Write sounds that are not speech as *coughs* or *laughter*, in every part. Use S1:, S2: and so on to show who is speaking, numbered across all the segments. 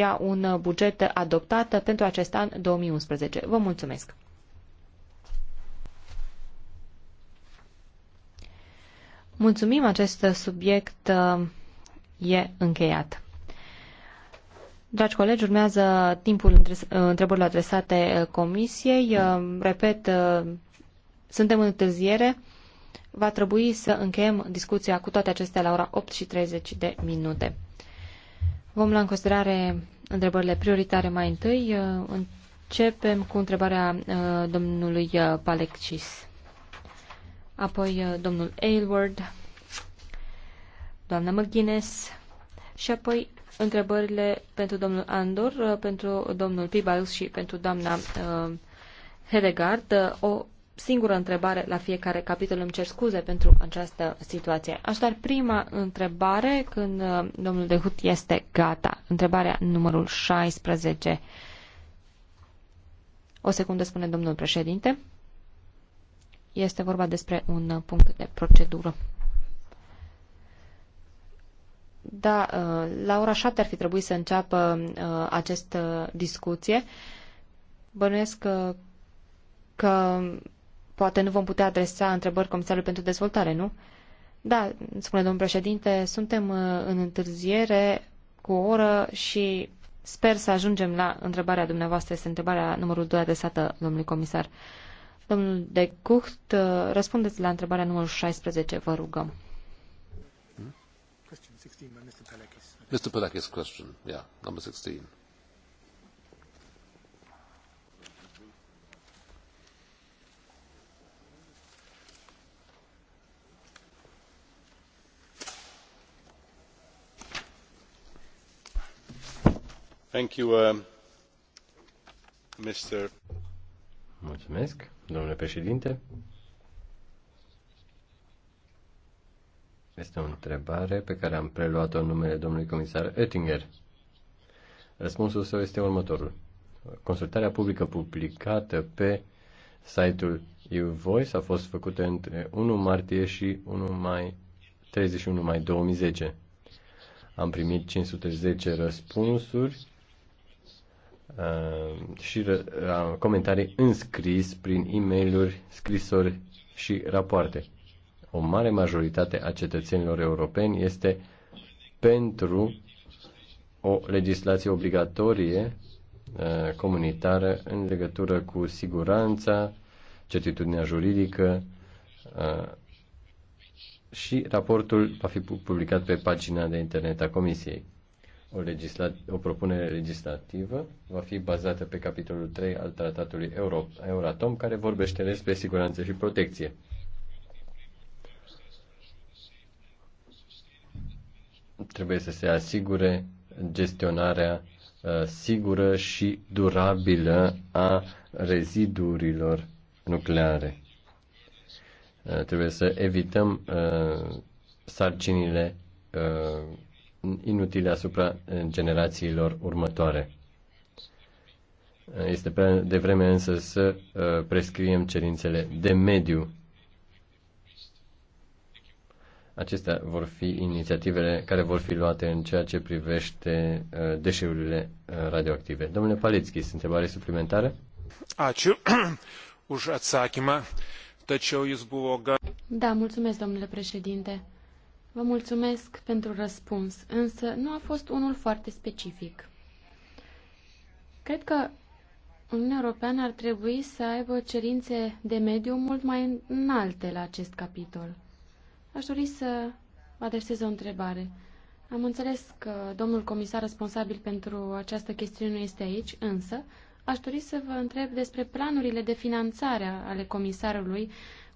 S1: ia un buget adoptat pentru acest an 2011. Vă mulțumesc! Mulțumim, acest subiect e încheiat. Dragi colegi, urmează timpul întrebărilor adresate comisiei. Repet, suntem în întârziere. Va trebui să încheiem discuția cu toate acestea la ora 8 și 30 de minute. Vom lua în considerare întrebările prioritare mai întâi. Uh, începem cu întrebarea uh, domnului uh, Palekcis. Apoi domnul Aylward, doamna McGuinness și apoi întrebările pentru domnul Andor, pentru domnul Pibals și pentru doamna Hedegard. O singură întrebare la fiecare capitol. Îmi cer scuze pentru această situație. Așadar, prima întrebare, când uh, domnul de Hut este gata. Întrebarea numărul 16. O secundă, spune domnul președinte. Este vorba despre un punct de procedură. Da, uh, la ora 7 ar fi trebuit să înceapă uh, această discuție. Bănuiesc că, că Poate nu vom putea adresa întrebări Comisarului pentru Dezvoltare, nu? Da, spune domnul președinte, suntem uh, în întârziere cu o oră și sper să ajungem la întrebarea dumneavoastră. Este întrebarea numărul 2 adresată domnului comisar. Domnul de Cucht, uh, răspundeți la întrebarea numărul 16, vă rugăm.
S2: Mr. Pelakis question, yeah, number 16.
S3: Uh, Mulțumesc, domnule președinte. Este o întrebare pe care am preluat-o în numele domnului comisar Oettinger. Răspunsul său este următorul. Consultarea publică publicată pe site-ul YouVoice a fost făcută între 1 martie și 1 mai 31 mai 2010. Am primit 510 răspunsuri Uh, și uh, comentarii înscris prin e-mail-uri, scrisori și rapoarte. O mare majoritate a cetățenilor europeni este pentru o legislație obligatorie uh, comunitară în legătură cu siguranța, certitudinea juridică și raportul va fi publicat pe pagina de internet a Comisiei. O, legisla- o propunere legislativă va fi bazată pe capitolul 3 al tratatului Euro- Euratom, care vorbește despre siguranță și protecție. Trebuie să se asigure gestionarea uh, sigură și durabilă a rezidurilor nucleare. Uh, trebuie să evităm uh, sarcinile inutile asupra eh, generațiilor următoare. Eh, este prea de vreme însă să eh, prescriem cerințele de mediu. Acestea vor fi inițiativele care vor fi luate în ceea ce privește deșeurile radioactive. Domnule Palițchi, întrebare suplimentară? Aciu, už atsakymą, buvo
S4: Da, mulțumesc, domnule președinte. Vă mulțumesc pentru răspuns, însă nu a fost unul foarte specific. Cred că Uniunea Europeană ar trebui să aibă cerințe de mediu mult mai înalte la acest capitol. Aș dori să adresez o întrebare. Am înțeles că domnul comisar responsabil pentru această chestiune nu este aici, însă aș dori să vă întreb despre planurile de finanțare ale comisarului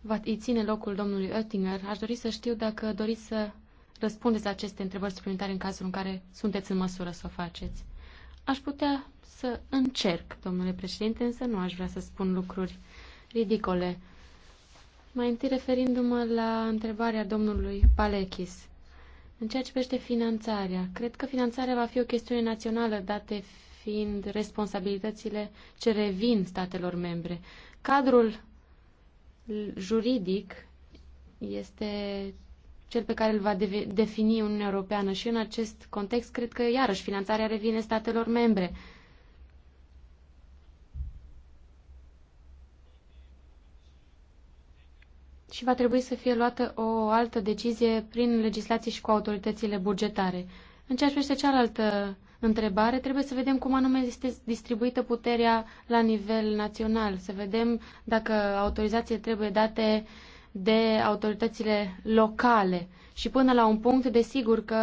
S4: va îi ține locul domnului Oettinger, aș dori să știu dacă doriți să răspundeți la aceste întrebări suplimentare în cazul în care sunteți în măsură să o faceți. Aș putea să încerc, domnule președinte, însă nu aș vrea să spun lucruri ridicole. Mai întâi referindu-mă la întrebarea domnului Palechis. În ceea ce privește finanțarea, cred că finanțarea va fi o chestiune națională, date fiind responsabilitățile ce revin statelor membre. Cadrul juridic este cel pe care îl va defini Uniunea Europeană și în acest context cred că iarăși finanțarea revine statelor membre. Și va trebui să fie luată o altă decizie prin legislație și cu autoritățile bugetare. În ceea ce privește cealaltă întrebare, trebuie să vedem cum anume este distribuită puterea la nivel național, să vedem dacă autorizații trebuie date de autoritățile locale. Și până la un punct, desigur că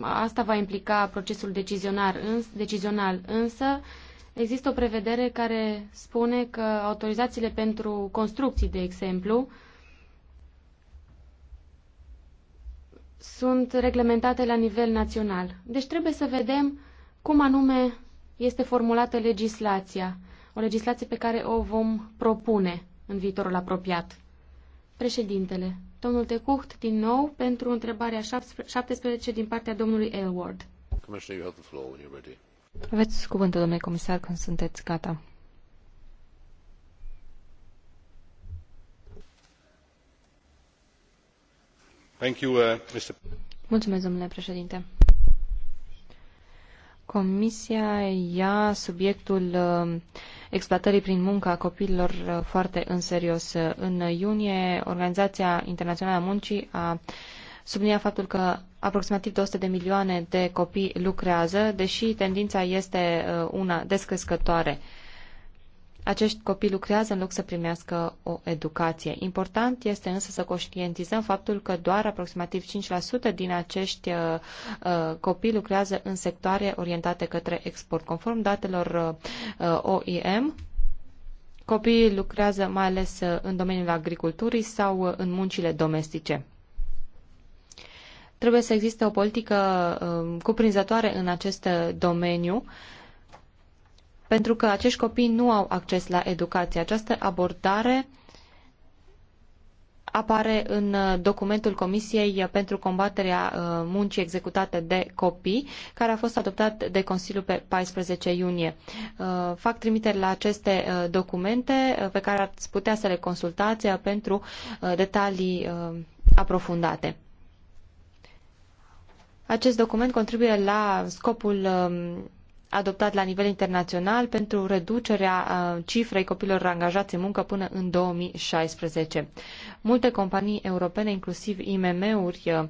S4: asta va implica procesul decizional, îns, decizional, însă există o prevedere care spune că autorizațiile pentru construcții, de exemplu, sunt reglementate la nivel național. Deci trebuie să vedem cum anume este formulată legislația, o legislație pe care o vom propune în viitorul apropiat. Președintele, domnul Tecuht, din nou, pentru întrebarea 17 din partea domnului Elward.
S1: Aveți cuvântul, domnule comisar, când sunteți gata. Uh, Mulțumesc, domnule președinte. Comisia ia subiectul uh, exploatării prin muncă a copiilor uh, foarte în serios. În iunie, Organizația Internațională a Muncii a subliniat faptul că aproximativ 200 de milioane de copii lucrează, deși tendința este una descrescătoare. Acești copii lucrează în loc să primească o educație. Important este însă să conștientizăm faptul că doar aproximativ 5% din acești uh, uh, copii lucrează în sectoare orientate către export. Conform datelor uh, OIM, copiii lucrează mai ales în domeniul agriculturii sau în muncile domestice trebuie să existe o politică uh, cuprinzătoare în acest domeniu pentru că acești copii nu au acces la educație. Această abordare apare în documentul Comisiei pentru combaterea uh, muncii executate de copii, care a fost adoptat de Consiliu pe 14 iunie. Uh, fac trimitere la aceste uh, documente pe care ați putea să le consultați pentru detalii aprofundate. Acest document contribuie la scopul um, adoptat la nivel internațional pentru reducerea uh, cifrei copilor angajați în muncă până în 2016. Multe companii europene, inclusiv IMM-uri, uh,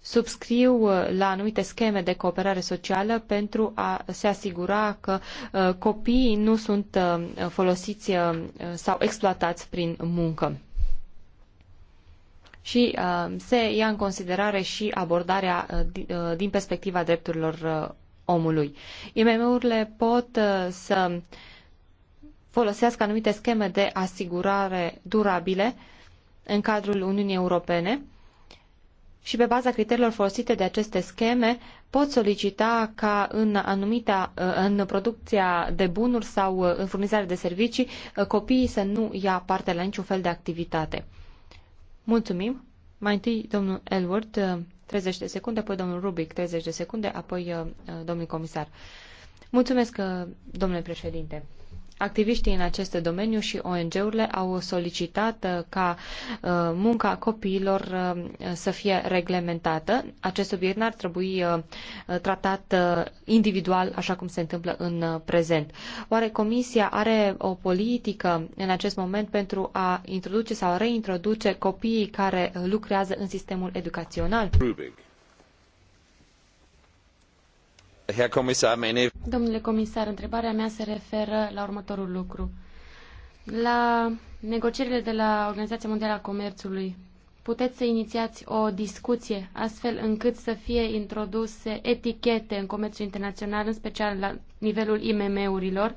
S1: subscriu uh, la anumite scheme de cooperare socială pentru a se asigura că copiii nu sunt folosiți sau exploatați prin muncă și se ia în considerare și abordarea din perspectiva drepturilor omului. IMM-urile pot uh, să folosească anumite scheme de asigurare durabile în cadrul Uniunii Europene și pe baza criteriilor folosite de aceste scheme pot solicita ca în, anumita, uh, în producția de bunuri sau uh, în furnizarea de servicii copiii să nu ia parte la niciun fel de activitate. Mulțumim! Mai întâi, domnul Elward, 30 de secunde, apoi domnul Rubic 30 de secunde, apoi uh, domnul comisar. Mulțumesc, uh, domnule președinte. Activiștii în aceste domeniu și ONG-urile au solicitat uh, ca uh, munca copiilor uh, să fie reglementată. Acest subiect n-ar trebui tratat individual, așa cum se întâmplă în prezent. Oare Comisia are o politică în acest moment pentru a introduce sau reintroduce copiii care lucrează în sistemul
S4: educațional? Rubic. Domnule comisar, întrebarea mea se referă la următorul lucru. La negocierile de la Organizația Mondială a Comerțului, puteți să iniiai o discuție astfel încât să fie introduse etichete în comerțul internațional, în special la nivelul IMM-urilor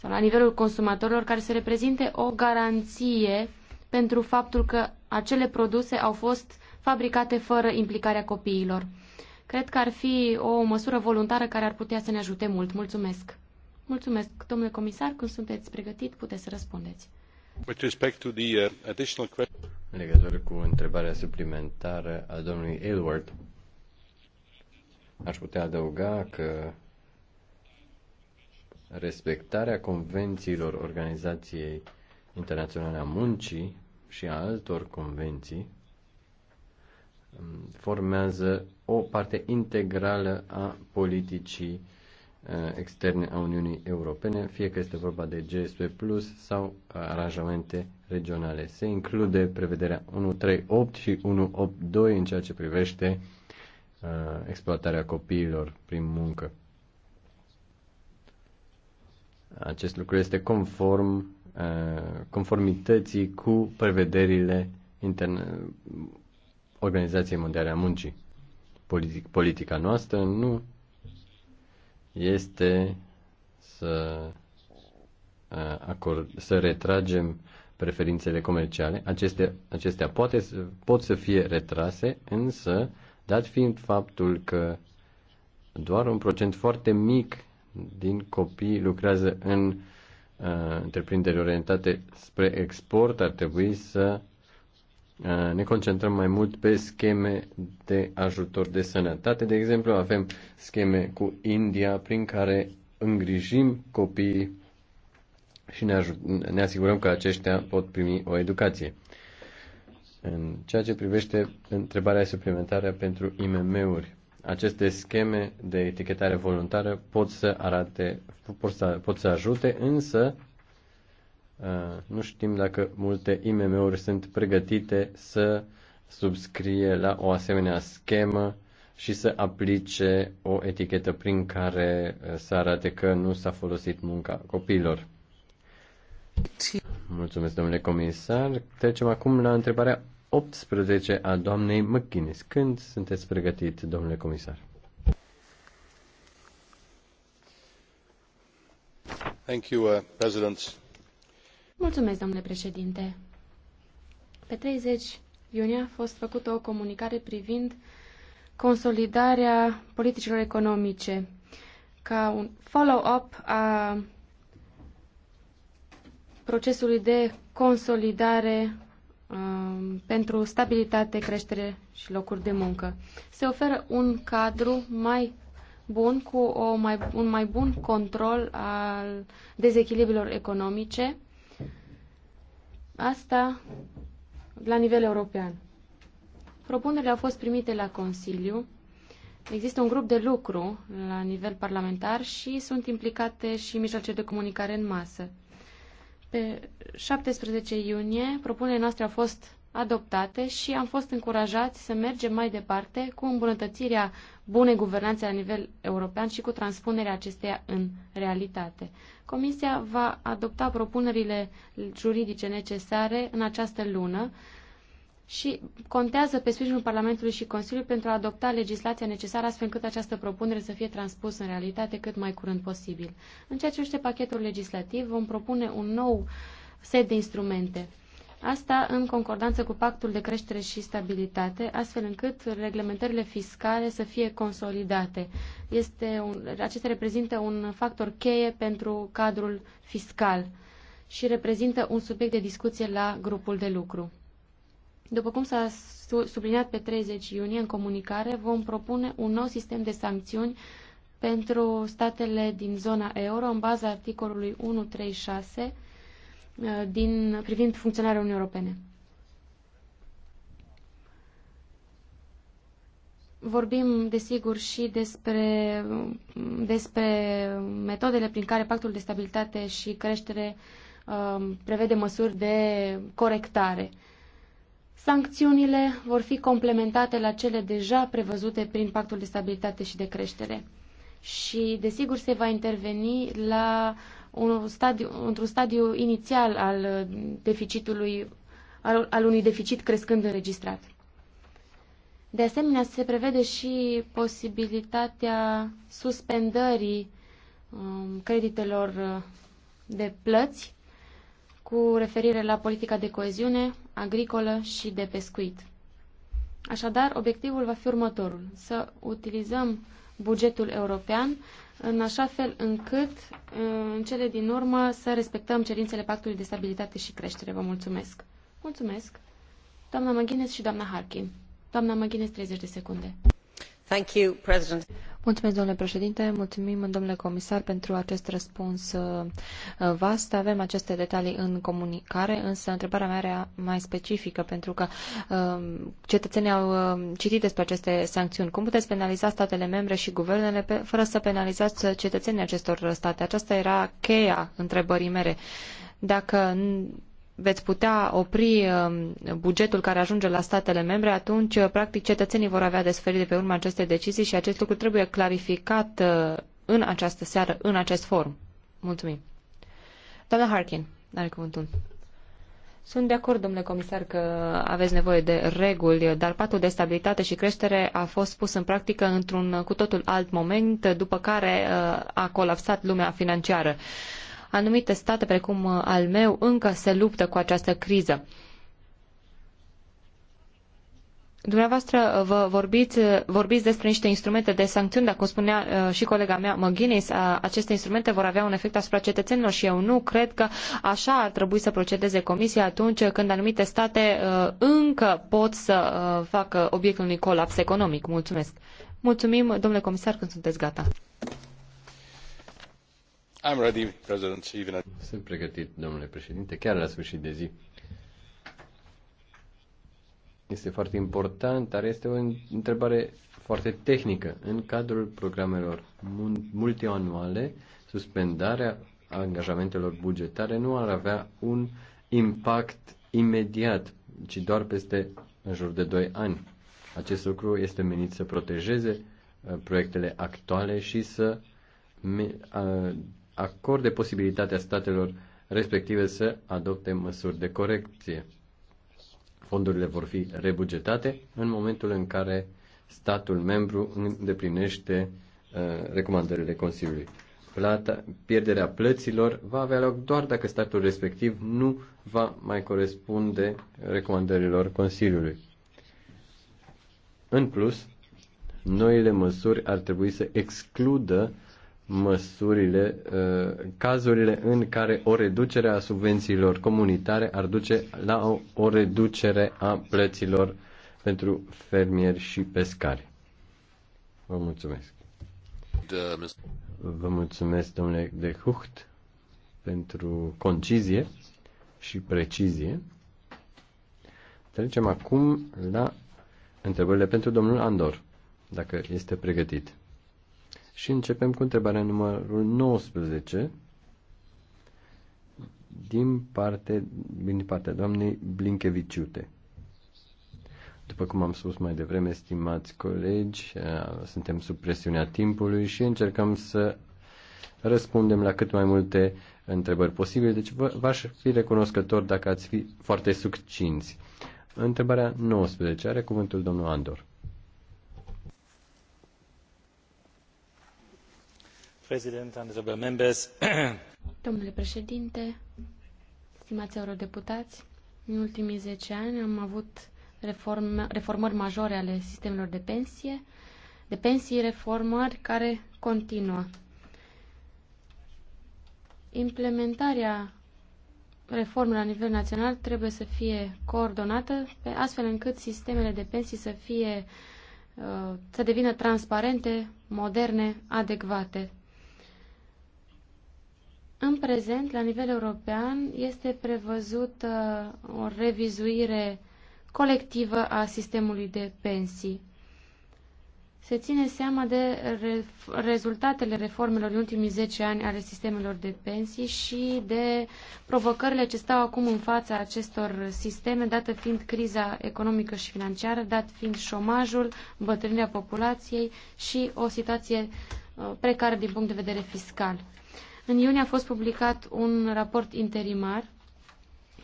S4: sau la nivelul consumatorilor, care să reprezinte o garanție pentru faptul că acele produse au fost fabricate fără implicarea copiilor. Cred că ar fi o măsură voluntară care ar putea să ne ajute mult. Mulțumesc! Mulțumesc, domnule comisar. Când sunteți pregătit, puteți să răspundeți.
S3: With respect to the uh, additional question... În legătură cu întrebarea suplimentară a domnului Aylward, aș putea adăuga că respectarea convențiilor Organizației Internaționale a Muncii și a altor convenții um, formează o parte integrală a politicii uh, externe a Uniunii Europene, fie că este vorba de GSP Plus sau aranjamente regionale. Se include prevederea 138 și 182 în ceea ce privește uh, exploatarea copiilor prin muncă. Acest lucru este conform uh, conformității cu prevederile interne, uh, Organizației Mondiale a Muncii politic, politica noastră nu este să, uh, acord, să retragem preferințele comerciale. Aceste, acestea poate, pot să fie retrase, însă, dat fiind faptul că doar un procent foarte mic din copii lucrează în uh, întreprinderi orientate spre export, ar trebui să Uh, ne concentrăm mai mult pe scheme de ajutor de sănătate. De exemplu, avem scheme cu India prin care îngrijim copiii și ne, aj- ne asigurăm că aceștia pot primi o educație. În ceea ce privește întrebarea suplimentară pentru IMM-uri, aceste scheme de etichetare voluntară pot să arate, pot să, pot să ajute, însă Uh, nu știm dacă multe IMM-uri sunt pregătite să subscrie la o asemenea schemă și să aplice o etichetă prin care uh, să arate că nu s-a folosit munca copiilor. Mulțumesc, domnule comisar. Trecem acum la întrebarea 18 a doamnei McGuinness. Când sunteți pregătit, domnule comisar? Thank you, uh, President.
S4: Mulțumesc, domnule președinte. Pe 30 iunie a fost făcută o comunicare privind consolidarea politicilor economice ca un follow-up a procesului de consolidare um, pentru stabilitate, creștere și locuri de muncă. Se oferă un cadru mai bun cu o mai, un mai bun control al dezechilibrilor economice Asta la nivel european. Propunerile au fost primite la Consiliu. Există un grup de lucru la nivel parlamentar și sunt implicate și mijloace de comunicare în masă. Pe 17 iunie, propunerile noastre au fost adoptate și am fost încurajați să mergem mai departe cu îmbunătățirea bunei guvernanțe la nivel european și cu transpunerea acesteia în realitate. Comisia va adopta propunerile juridice necesare în această lună și contează pe sprijinul Parlamentului și Consiliului pentru a adopta legislația necesară astfel încât această propunere să fie transpusă în realitate cât mai curând posibil. În ceea ce este pachetul legislativ, vom propune un nou set de instrumente Asta în concordanță cu pactul de creștere și stabilitate, astfel încât reglementările fiscale să fie consolidate. Este un, acestea reprezintă un factor cheie pentru cadrul fiscal și reprezintă un subiect de discuție la grupul de lucru. După cum s-a subliniat pe 30 iunie în comunicare, vom propune un nou sistem de sancțiuni pentru statele din zona euro în baza articolului 136 Uh, din, privind funcționarea Uniunii Europene. Vorbim, desigur, și despre, despre metodele prin care Pactul de Stabilitate și Creștere uh, prevede măsuri de corectare. Sancțiunile vor fi complementate la cele deja prevăzute prin Pactul de Stabilitate și de Creștere. Și, desigur, se va interveni la un stadiu, într-un stadiu inițial al deficitului, al, al unui deficit crescând înregistrat. De asemenea, se prevede și posibilitatea suspendării um, creditelor uh, de plăți cu referire la politica de coeziune, agricolă și de pescuit. Așadar, obiectivul va fi următorul, să utilizăm bugetul european în așa fel încât uh, în cele din urmă să respectăm cerințele Pactului de Stabilitate și Creștere. Vă mulțumesc! Mulțumesc! Doamna Măghines și doamna Harkin. Doamna Măghines, 30 de secunde. You, mulțumesc, domnule președinte, mulțumim, domnule
S1: comisar, pentru acest răspuns uh, vast. Avem aceste detalii în comunicare, însă întrebarea mea era mai specifică, pentru că uh, cetățenii au uh, citit despre aceste sancțiuni. Cum puteți penaliza statele membre și guvernele fără să penalizați cetățenii acestor state? Aceasta era cheia întrebării mele. Dacă veți putea opri um, bugetul care ajunge la statele membre, atunci, uh, practic, cetățenii vor avea suferit de pe urma acestei decizii și acest lucru trebuie clarificat uh, în această seară, în acest forum. Mulțumim. Doamna Harkin, are cuvântul. Sunt de acord, domnule comisar, că aveți nevoie de reguli, dar patul de stabilitate și creștere a fost pus în practică într-un cu totul alt moment, după care uh, a colapsat lumea financiară anumite state, precum uh, al meu, încă se luptă cu această criză. Dumneavoastră uh, vă vorbiți, uh, vorbiți despre niște instrumente de sancțiuni, dar cum spunea uh, și colega mea McGuinness, aceste instrumente vor avea un efect asupra cetățenilor și eu nu cred că așa ar trebui să procedeze Comisia atunci când anumite state uh, încă pot să uh, facă obiectul unui colaps economic. Mulțumesc. Mulțumim, domnule comisar, când sunteți gata.
S3: Sunt pregătit, domnule președinte, chiar la sfârșit de zi. Este foarte important, dar este o întrebare foarte tehnică. În cadrul programelor multianuale, suspendarea angajamentelor bugetare nu ar avea un impact imediat, ci doar peste în jur de 2 ani. Acest lucru este menit să protejeze uh, proiectele actuale și să acorde posibilitatea statelor respective să adopte măsuri de corecție. Fondurile vor fi rebugetate în momentul în care statul membru îndeplinește uh, recomandările Consiliului. Plata, pierderea plăților va avea loc doar dacă statul respectiv nu va mai corespunde recomandărilor Consiliului. În plus, noile măsuri ar trebui să excludă măsurile, uh, cazurile în care o reducere a subvențiilor comunitare ar duce la o, reducere a plăților pentru fermieri și pescari. Vă mulțumesc. Vă mulțumesc, domnule de Hucht, pentru concizie și precizie. Trecem acum la întrebările pentru domnul Andor, dacă este pregătit. Și începem cu întrebarea numărul 19 din, parte, din partea doamnei Blinkeviciute. După cum am spus mai devreme, stimați colegi, eh, suntem sub presiunea timpului și încercăm să răspundem la cât mai multe întrebări posibile, deci v-aș fi recunoscător dacă ați fi foarte succinți. Întrebarea 19 are cuvântul domnul Andor. *coughs*
S4: Domnule președinte, eurodeputați, în ultimii zece ani am avut reformări majore ale sistemelor de pensie, de pensii reformări care continuă. Implementarea reformelor la nivel național trebuie să fie coordonată astfel încât sistemele de pensii să fie uh, să devină transparente, moderne, adecvate. În prezent, la nivel european, este prevăzută uh, o revizuire colectivă a sistemului de pensii. Se ține seama de rezultatele reformelor din ultimii 10 ani ale sistemelor de pensii și de provocările ce stau acum în fața acestor sisteme, dată fiind criza economică și financiară, dat fiind șomajul, bătrânirea populației și o situație uh, precară din punct de vedere fiscal. În iunie a fost publicat un raport interimar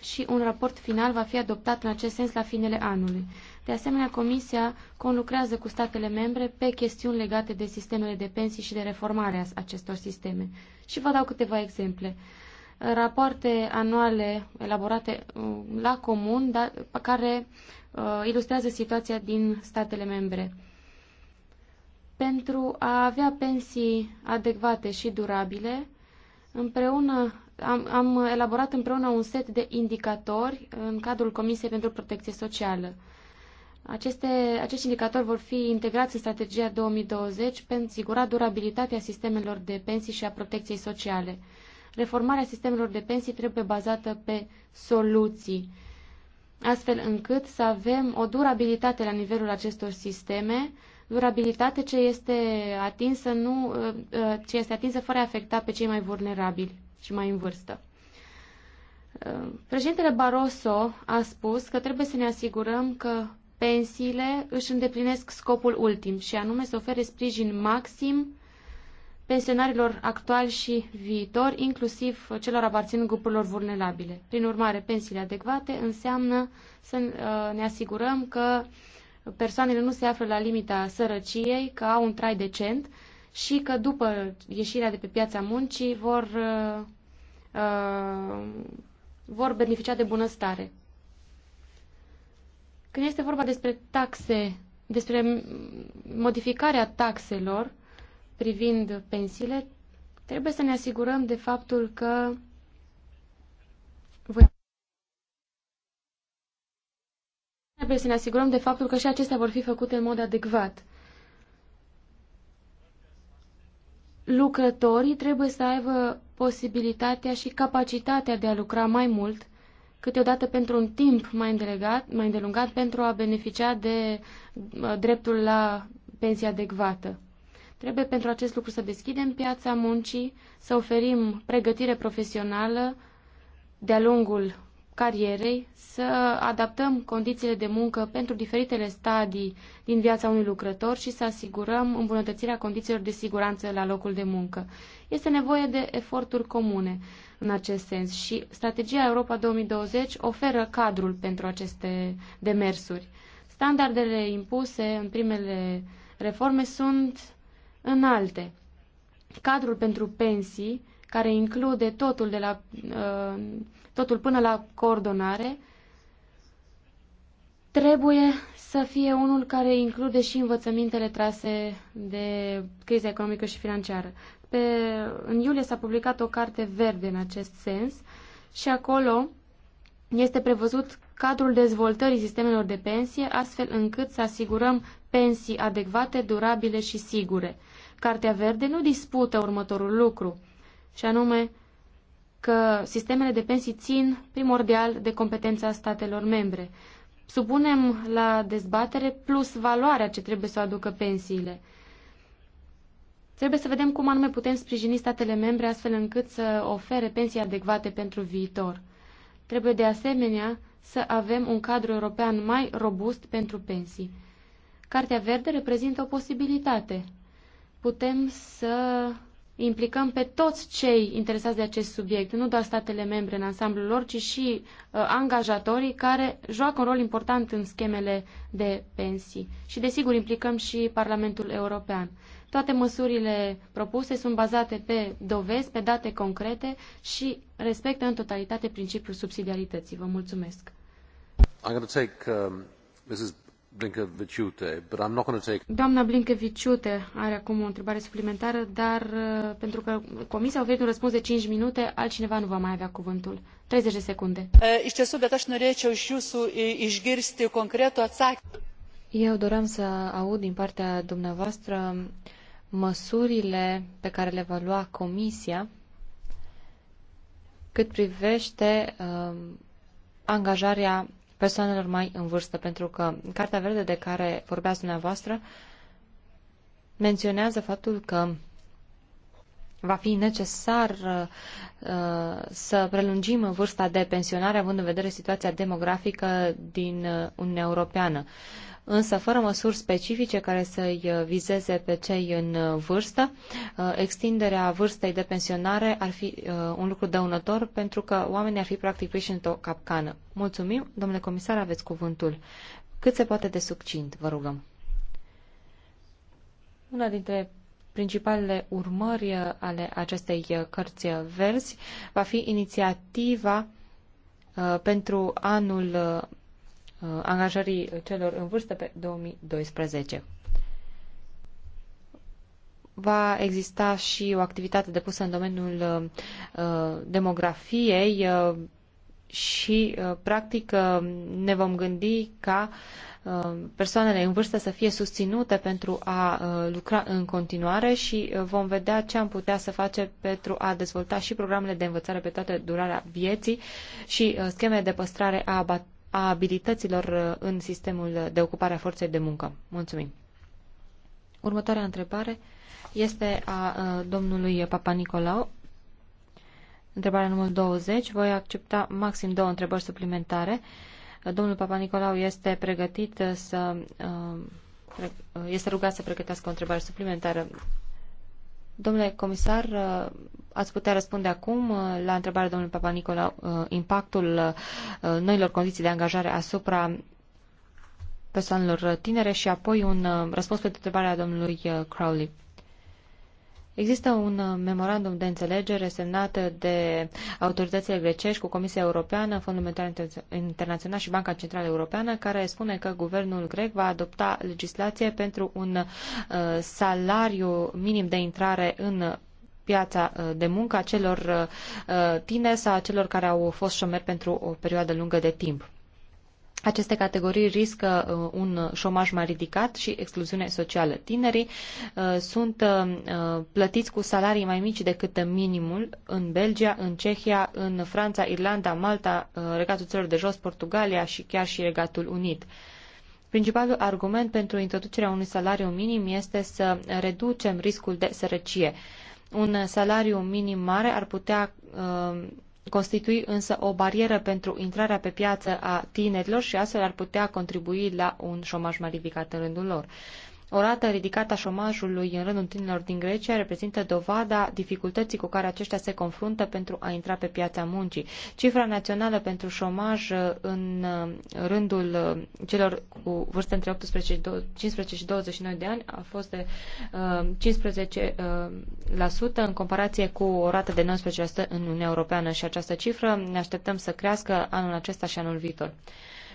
S4: și un raport final va fi adoptat în acest sens la finele anului. De asemenea, Comisia conlucrează cu statele membre pe chestiuni legate de sistemele de pensii și de reformarea acestor sisteme. Și vă dau câteva exemple. Rapoarte anuale elaborate uh, la comun, dar, care uh, ilustrează situația din statele membre. Pentru a avea pensii adecvate și durabile, Împreună am, am elaborat împreună un set de indicatori în cadrul Comisiei pentru Protecție Socială. Aceste, acești indicatori vor fi integrați în strategia 2020 pentru sigura durabilitatea sistemelor de pensii și a protecției sociale. Reformarea sistemelor de pensii trebuie bazată pe soluții, astfel încât să avem o durabilitate la nivelul acestor sisteme, durabilitate ce este atinsă, nu, uh, ce este atinsă fără a afecta pe cei mai vulnerabili și mai în vârstă. Uh, președintele Barroso a spus că trebuie să ne asigurăm că pensiile își îndeplinesc scopul ultim și anume să ofere sprijin maxim pensionarilor actuali și viitori, inclusiv celor aparținând grupurilor vulnerabile. Prin urmare, pensiile adecvate înseamnă să uh, ne asigurăm că persoanele nu se află la limita sărăciei, că au un trai decent și că după ieșirea de pe piața muncii vor, uh, uh vor beneficia de bunăstare. Când este vorba despre taxe, despre modificarea taxelor privind pensiile, trebuie să ne asigurăm de faptul că Trebuie să ne asigurăm de faptul că și acestea vor fi făcute în mod adecvat. Lucrătorii trebuie să aibă posibilitatea și capacitatea de a lucra mai mult, câteodată pentru un timp mai îndelungat, mai îndelungat pentru a beneficia de dreptul la pensie adecvată. Trebuie pentru acest lucru să deschidem piața muncii, să oferim pregătire profesională de-a lungul carierei să adaptăm condițiile de muncă pentru diferitele stadii din viața unui lucrător și să asigurăm îmbunătățirea condițiilor de siguranță la locul de muncă. Este nevoie de eforturi comune în acest sens și strategia Europa 2020 oferă cadrul pentru aceste demersuri. Standardele impuse în primele reforme sunt înalte. Cadrul pentru pensii care include totul, de la, uh, totul până la coordonare, trebuie să fie unul care include și învățămintele trase de criza economică și financiară. Pe, în iulie s-a publicat o carte verde în acest sens și acolo este prevăzut cadrul dezvoltării sistemelor de pensie, astfel încât să asigurăm pensii adecvate, durabile și sigure. Cartea verde nu dispută următorul lucru – și anume că sistemele de pensii țin primordial de competența statelor membre. Supunem la dezbatere plus valoarea ce trebuie să o aducă pensiile. Trebuie să vedem cum anume putem sprijini statele membre astfel încât să ofere pensii adecvate pentru viitor. Trebuie de asemenea să avem un cadru european mai robust pentru pensii. Cartea verde reprezintă o posibilitate. Putem să implicăm pe toți cei interesați de acest subiect, nu doar statele membre în ansamblul lor, ci și uh, angajatorii care joacă un rol important în schemele de pensii. Și desigur implicăm și Parlamentul European. Toate măsurile propuse sunt bazate pe dovezi, pe date concrete și respectă în totalitate principiul subsidiarității. Vă mulțumesc.
S3: I'm going to take, um, Mrs. Blinkeviciute, but
S4: Doamna Blinkeviciute are acum o întrebare suplimentară, dar uh, pentru că Comisia a oferit un răspuns de 5 minute, altcineva nu va mai avea cuvântul. 30 de secunde. Uh, iš tiesų,
S1: bet aš norėčiau iš jūsų išgirsti konkretų atsakymą.
S4: Eu doream să
S1: aud din partea dumneavoastră măsurile pe care le va lua Comisia cât privește uh, angajarea persoanelor mai în vârstă, pentru că Cartea Verde de care vorbeați dumneavoastră menționează faptul că va fi necesar uh, să prelungim vârsta de pensionare având în vedere situația demografică din uh, Uniunea Europeană. Uh, însă fără măsuri specifice care să-i uh, vizeze pe cei în uh, vârstă, uh, extinderea vârstei de pensionare ar fi un lucru dăunător pentru că oamenii ar fi practic priși într-o capcană. Mulțumim, domnule comisar, aveți cuvântul. Cât se poate de succint, vă rugăm. Una dintre principalele urmări ale acestei cărți verzi va fi inițiativa pentru anul Uh, angajării celor în vârstă pe 2012. Va exista și o activitate depusă în domeniul uh, demografiei uh, și, practic, ne vom gândi ca persoanele în vârstă să fie susținute pentru a lucra în continuare și vom vedea ce am putea să facem pentru a dezvolta și programele de învățare pe toată durarea vieții și scheme de păstrare a a abilităților uh, în sistemul de ocupare a forței de muncă. Mulțumim. Următoarea întrebare este a uh, domnului Papa Nicolau. Întrebarea numărul 20. Voi accepta maxim două întrebări suplimentare. Domnul Papa Nicolau este pregătit uh, să este rugat să pregătească o întrebare suplimentară. Domnule comisar, ați putea răspunde acum uh, la întrebarea domnului Papa Nicola, uh, impactul uh, noilor condiții de angajare asupra persoanelor tinere și apoi un răspuns pentru întrebarea domnului Crowley. Există un memorandum de înțelegere semnat de autoritățile grecești cu Comisia Europeană, Fondul Monetar Internațional și Banca Centrală Europeană, care spune că guvernul grec va adopta legislație pentru un salariu minim de intrare în piața uh, de muncă a celor uh, uh, tineri sau a celor care au fost șomeri pentru o perioadă lungă de timp. Aceste categorii riscă un șomaj mai ridicat și excluziune socială. Tinerii sunt plătiți cu salarii mai mici decât minimul în Belgia, în Cehia, în Franța, Irlanda, Malta, Regatul Țărilor de Jos, Portugalia și chiar și Regatul Unit. Principalul argument pentru introducerea unui salariu minim este să reducem riscul de sărăcie. Un salariu minim mare ar putea uh, constitui însă o barieră pentru intrarea pe piață a tinerilor și astfel ar putea contribui la un șomaj mai ridicat în rândul lor. O rată ridicată a șomajului în rândul tinerilor din Grecia reprezintă dovada dificultății cu care aceștia se confruntă pentru a intra pe piața muncii. Cifra națională pentru șomaj uh, în uh, rândul uh, celor cu vârste între 18 și 15 și 29 de ani a fost de 15% în comparație cu o rată de 19% în Uniunea Europeană și această cifră ne așteptăm să crească anul acesta și anul viitor.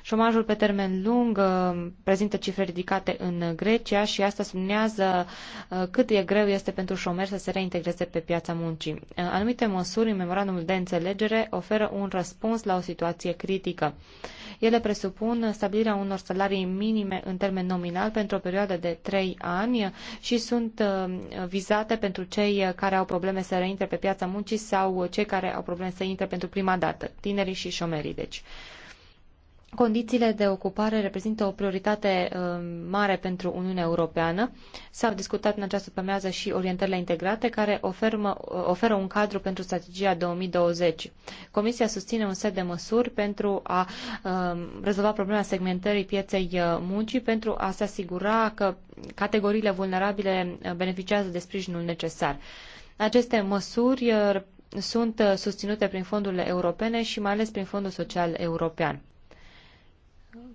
S1: Șomajul pe termen lung uh, prezintă cifre ridicate în Grecia și asta sublinează uh, cât e greu este pentru șomeri să se reintegreze pe piața muncii. Uh, anumite măsuri în memorandumul de înțelegere oferă un răspuns la o situație critică. Ele presupun stabilirea unor salarii minime în termen nominal pentru o perioadă de 3 ani și sunt vizate pentru cei care au probleme să reintre pe piața muncii sau cei care au probleme să intre pentru prima dată, tinerii și șomerii, deci. Condițiile de ocupare reprezintă o prioritate uh, mare pentru Uniunea Europeană. S-au discutat în această pămează și orientările integrate care oferă, uh, oferă un cadru pentru strategia 2020. Comisia susține un set de măsuri pentru a uh, rezolva problema segmentării pieței muncii, pentru a se asigura că categoriile vulnerabile beneficiază de sprijinul necesar. Aceste măsuri sunt susținute prin fondurile europene și mai ales prin Fondul Social European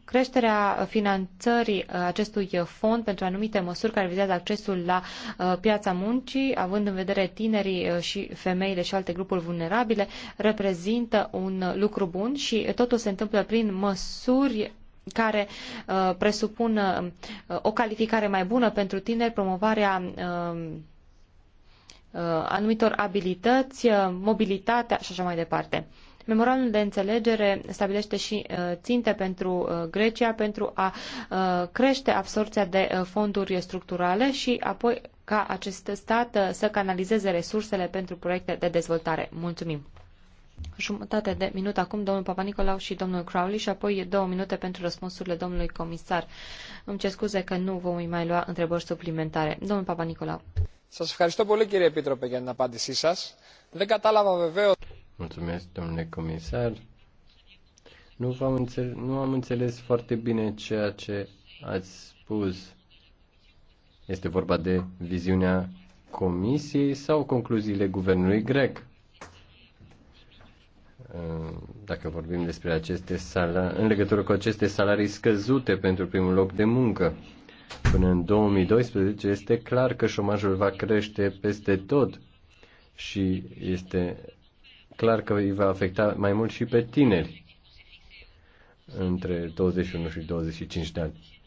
S1: creșterea finanțării uh, acestui fond pentru anumite măsuri care vizează accesul la uh, piața muncii, având în vedere tinerii uh, și femeile și alte grupuri vulnerabile, reprezintă un lucru bun și totul se întâmplă prin măsuri care presupun o calificare mai bună pentru tineri, promovarea um, anumitor abilități, mobilitatea și așa mai departe. Memorandul de înțelegere stabilește și uh, ținte pentru uh, Grecia pentru a uh, crește absorția de fonduri structurale și apoi ca acest stat să canalizeze resursele pentru proiecte de dezvoltare. Mulțumim! Jumătate de minut acum, domnul Papa Nicolau și domnul Crowley și apoi două minute pentru răspunsurile domnului comisar. Îmi cer scuze că nu vom mai lua întrebări suplimentare. Domnul Papa Nicolau.
S3: Σας ευχαριστώ πολύ κύριε Επίτροπε για την απάντησή σας. Δεν κατάλαβα βεβαίως... Mulțumesc, domnule comisar. Nu, am înțeles, nu am înțeles foarte bine ceea ce ați spus. Este vorba de viziunea comisiei sau concluziile guvernului grec? Dacă vorbim despre aceste salarii, în legătură cu aceste salarii scăzute pentru primul loc de muncă, până în 2012 este clar că șomajul va crește peste tot și este clar că îi va afecta mai mult și pe tineri între 21 și 25 de ani.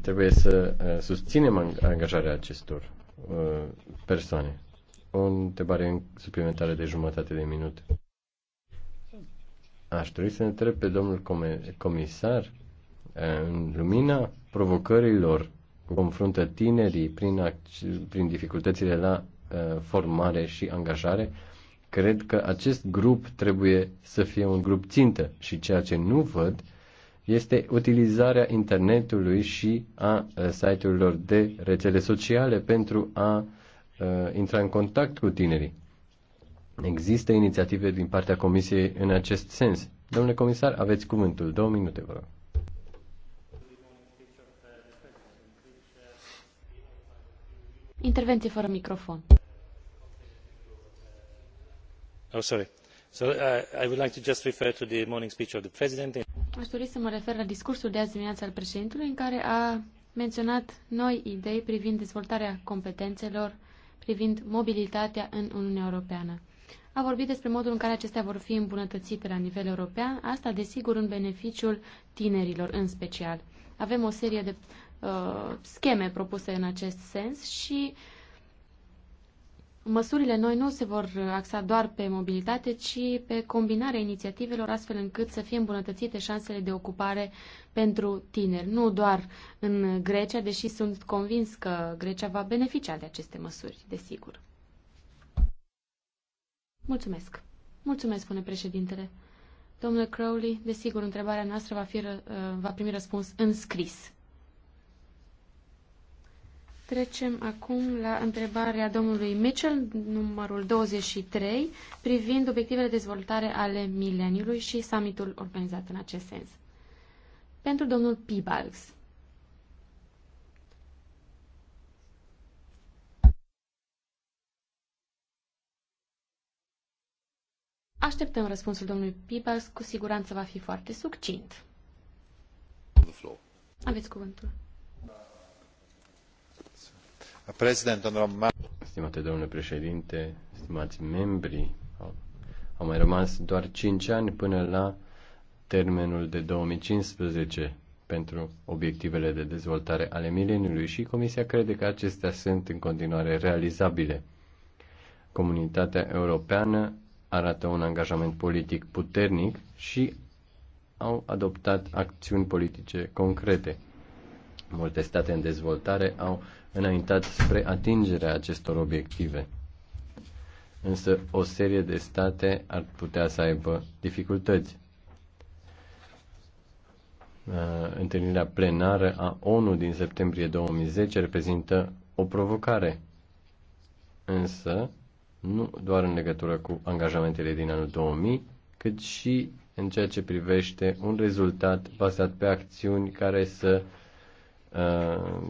S3: Trebuie să uh, susținem angajarea acestor uh, persoane. O întrebare suplimentară de jumătate de minut. Aș dori să întreb pe domnul comisar, uh, în lumina provocărilor confruntă tinerii prin, prin dificultățile la Uh, formare și angajare, cred că acest grup trebuie să fie un grup țintă și ceea ce nu văd este utilizarea internetului și a uh, site-urilor de rețele sociale pentru a uh, intra în contact cu tinerii. Există inițiative din partea Comisiei în acest sens. Domnule comisar, aveți cuvântul. Două minute, vă rog.
S4: Intervenție fără microfon.
S3: Oh, sorry. So, uh, I would like to just refer to the morning speech of the president.
S4: Aș dori să mă refer la discursul de azi dimineață al președintelui în care a menționat noi idei privind dezvoltarea competențelor, privind mobilitatea în Uniunea Europeană. A vorbit despre modul în care acestea vor fi îmbunătățite la nivel european, asta desigur în beneficiul tinerilor în special. Avem o serie de uh, scheme propuse în acest sens și măsurile noi nu se vor axa doar pe mobilitate, ci pe combinarea inițiativelor astfel încât să fie îmbunătățite șansele de ocupare pentru tineri, nu doar în Grecia, deși sunt convins că Grecia va beneficia de aceste măsuri, desigur. Mulțumesc. Mulțumesc, spune președintele. Domnule Crowley, desigur, întrebarea noastră va, fi, uh, va primi răspuns în scris. Trecem acum la întrebarea domnului Mitchell, numărul 23, privind obiectivele de dezvoltare ale mileniului și summitul organizat în acest sens. Pentru domnul Pibalgs. Așteptăm răspunsul domnului Pibalgs, cu siguranță va fi foarte succint. Aveți cuvântul.
S3: Stimate domnule președinte, stimați membri, au mai rămas doar 5 ani până la termenul de 2015 pentru obiectivele de dezvoltare ale mileniului și Comisia crede că acestea sunt în continuare realizabile. Comunitatea europeană arată un angajament politic puternic și au adoptat acțiuni politice concrete. Multe state în dezvoltare au înaintat spre atingerea acestor obiective. Însă o serie de state ar putea să aibă dificultăți. Uh, întâlnirea plenară a ONU din septembrie 2010 reprezintă o provocare, însă nu doar în legătură cu angajamentele din anul 2000, cât și în ceea ce privește un rezultat bazat pe acțiuni care să Uh,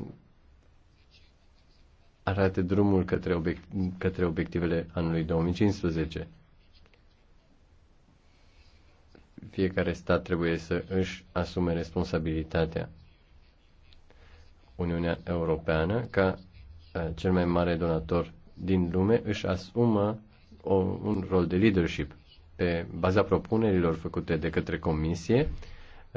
S3: arate drumul către, obiect, către obiectivele anului 2015. Fiecare stat trebuie să își asume responsabilitatea. Uniunea Europeană, ca uh, cel mai mare donator din lume, își asumă o, un rol de leadership. Pe baza propunerilor făcute de către Comisie, uh,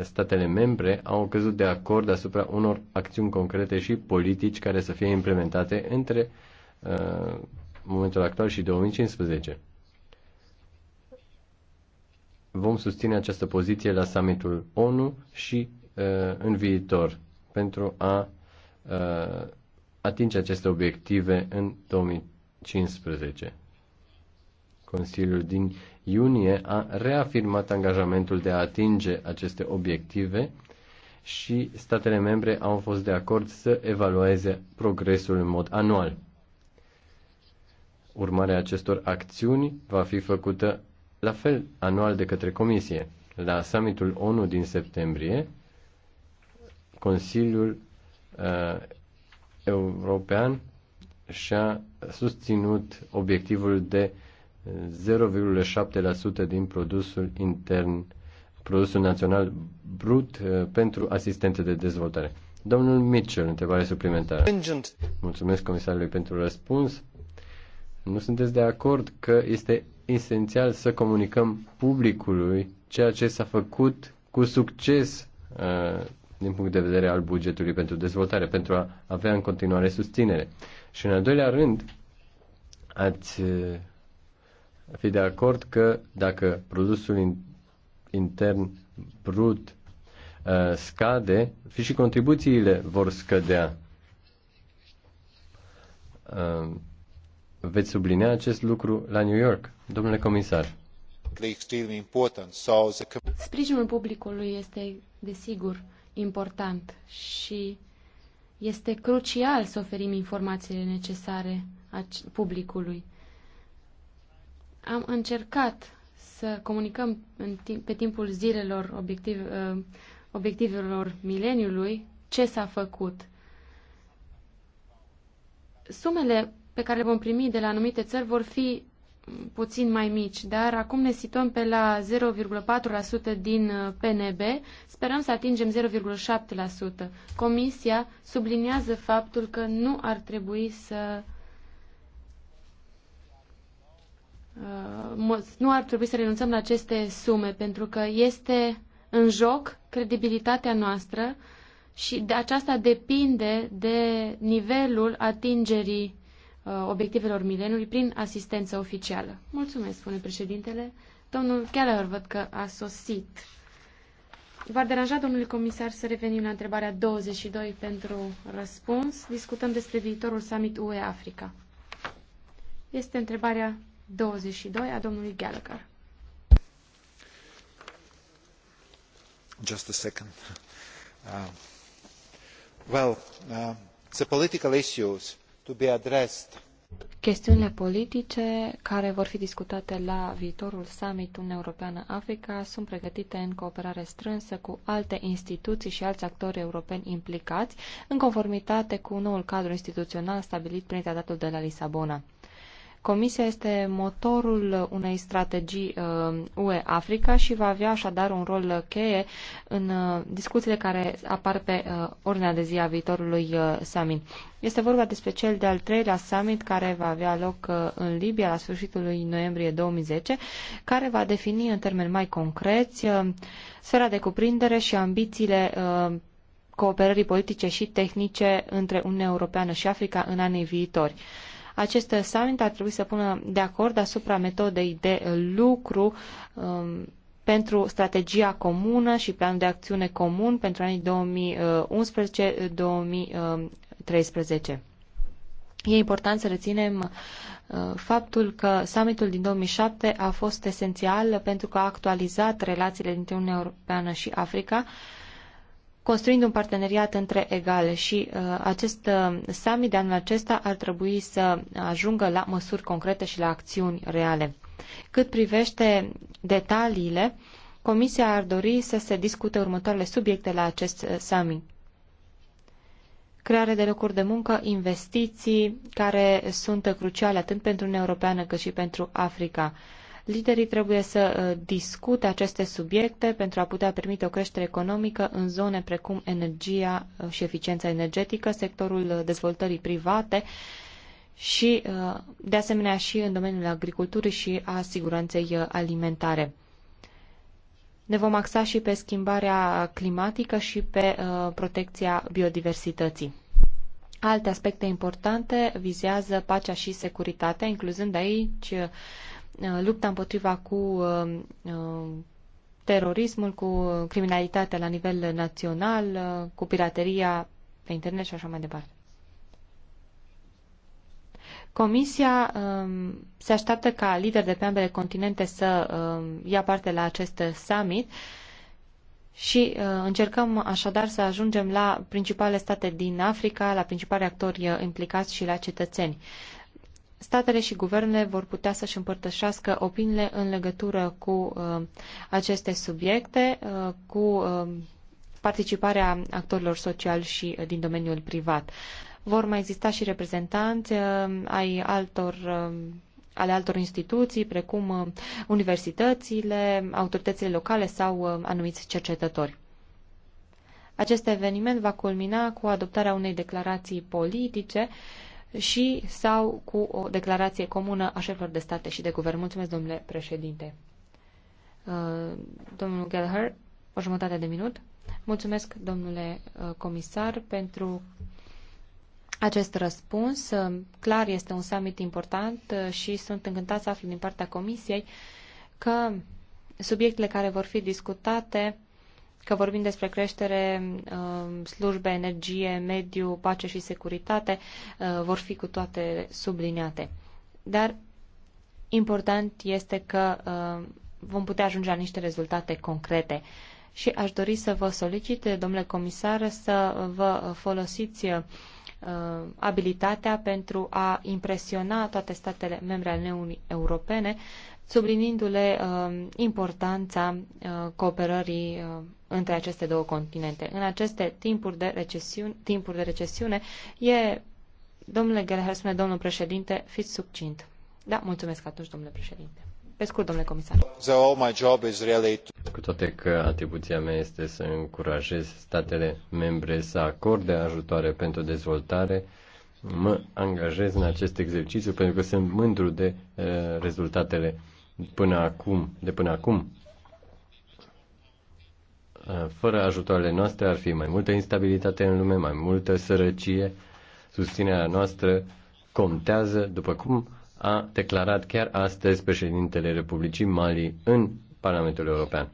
S3: statele membre au căzut de acord asupra unor acțiuni concrete și politici care să fie implementate între uh, momentul actual și 2015. Vom susține această poziție la summitul ONU și uh, în viitor pentru a uh, atinge aceste obiective în 2015. Consiliul din iunie a reafirmat angajamentul de a atinge aceste obiective și statele membre au fost de acord să evalueze progresul în mod anual. Urmarea acestor acțiuni va fi făcută la fel anual de către Comisie. La summitul ONU din septembrie, Consiliul uh, European și-a susținut obiectivul de uh, 0,7% din produsul intern, produsul național brut eh, pentru asistente de dezvoltare. Domnul Mitchell, întrebare suplimentară. Mulțumesc comisarului pentru răspuns. Nu sunteți de acord că este esențial să comunicăm publicului ceea ce s-a făcut cu succes eh, din punct de vedere al bugetului pentru dezvoltare, pentru a avea în continuare susținere. Și în al doilea rând, ați eh, fi de acord că dacă produsul intern brut uh, scade, și contribuțiile vor scădea. Uh, veți sublinea acest lucru la New York, domnule comisar.
S4: Sprijinul publicului este, desigur, important și este crucial să oferim informațiile necesare publicului. Am încercat să comunicăm în timp, pe timpul zilelor obiectiv, ă, obiectivelor mileniului ce s-a făcut. Sumele pe care le vom primi de la anumite țări vor fi puțin mai mici, dar acum ne situăm pe la 0,4% din ă, PNB, sperăm să atingem 0,7%. Comisia subliniază faptul că nu ar trebui să Uh, nu ar trebui să renunțăm la aceste sume, pentru că este în joc credibilitatea noastră și de aceasta depinde de nivelul atingerii uh, obiectivelor mileniului prin asistență oficială. Mulțumesc, spune președintele. Domnul Keller, văd că a sosit. V-ar deranja, domnule comisar, să revenim la întrebarea 22 pentru răspuns. Discutăm despre viitorul summit UE-Africa. Este întrebarea 22 a domnului Gallagher.
S2: Just a second. Uh, well, uh, the political issues to be addressed
S4: Chestiunile
S1: politice care vor fi discutate la viitorul summit Uniunea Europeană-Africa sunt pregătite în cooperare strânsă cu alte instituții și alți actori europeni implicați, în conformitate cu noul cadru instituțional stabilit prin tratatul de la Lisabona. Comisia este motorul unei strategii UE-Africa uh, și va avea așadar un rol cheie în uh, discuțiile care apar pe uh, ordinea de zi a viitorului summit. Este vorba despre cel de-al treilea summit care va avea loc în Libia la sfârșitul lui noiembrie 2010, care va defini în termeni mai concreți sfera de cuprindere și ambițiile cooperării politice și tehnice între Uniunea Europeană și Africa în anii viitori. Acest summit ar trebui să pună de acord asupra metodei de lucru um, pentru strategia comună și planul de acțiune comun pentru anii 2011-2013. E important să reținem uh, faptul că summitul din 2007 a fost esențial pentru că a actualizat relațiile dintre Uniunea Europeană și Africa, construind un parteneriat între egale și uh, acest uh, summit de anul acesta ar trebui să ajungă la măsuri concrete și la acțiuni reale. Cât privește detaliile, Comisia ar dori să se discute următoarele subiecte la acest uh, summit. Creare de locuri de muncă, investiții care sunt cruciale atât pentru Uniunea Europeană cât și pentru Africa. Liderii trebuie să uh, discute aceste subiecte pentru a putea permite o creștere economică în zone precum energia uh, și eficiența energetică, sectorul uh, dezvoltării private și, de asemenea, și în domeniul agriculturii și a siguranței alimentare. Ne vom axa și pe schimbarea climatică și pe protecția biodiversității. Alte aspecte importante vizează pacea și securitatea, incluzând aici Uh, lupta împotriva cu uh, uh, terorismul, cu criminalitatea la nivel național, cu pirateria pe internet și așa mai departe. Comisia um, se așteaptă ca lideri de pe ambele continente să um, ia parte la acest summit și uh, încercăm așadar să ajungem la principale state din Africa, la principalii actori implicați și la cetățeni statele și guvernele vor putea să-și împărtășească opiniile în legătură cu uh, aceste subiecte, uh, cu uh, participarea actorilor sociali și din domeniul privat. Vor mai exista și reprezentanți ai altor. ale altor instituții, precum universitățile, autoritățile locale sau anumiți cercetători. Acest eveniment va culmina cu adoptarea unei declarații politice uh, și sau cu o declarație comună a șefilor de state și de guvern. Mulțumesc, domnule președinte. Uh, domnul Gallagher, o jumătate de minut. Mulțumesc, domnule uh, comisar, pentru acest răspuns. Uh, clar, este un summit important și sunt încântat să aflu din partea Comisiei că subiectele care vor fi discutate că vorbim despre creștere, uh, slujbe, energie, mediu, pace și securitate, uh, vor fi cu toate subliniate. Dar important este că uh, vom putea ajunge la niște rezultate concrete. Și aș dori să vă solicit, domnule comisar, să vă folosiți uh, uh, abilitatea pentru a impresiona toate statele membre ale Uniunii Europene, sublinindu-le uh, importanța uh, cooperării uh, între aceste două continente. În aceste timpuri de recesiune, timpuri de recesiune e, domnule Geleher, spune domnul președinte, fiți succint. Da, mulțumesc atunci, domnule președinte. Pe scurt, domnule
S3: comisar. Cu toate că atribuția mea este să încurajez statele membre să acorde ajutoare pentru dezvoltare, mă angajez în acest exercițiu pentru că sunt mândru de uh, rezultatele până acum, de până acum. Eh, fără ajutoarele noastre ar fi mai multă instabilitate în lume, mai multă sărăcie. Susținerea noastră contează, după cum a declarat chiar astăzi președintele Republicii Mali în Parlamentul European.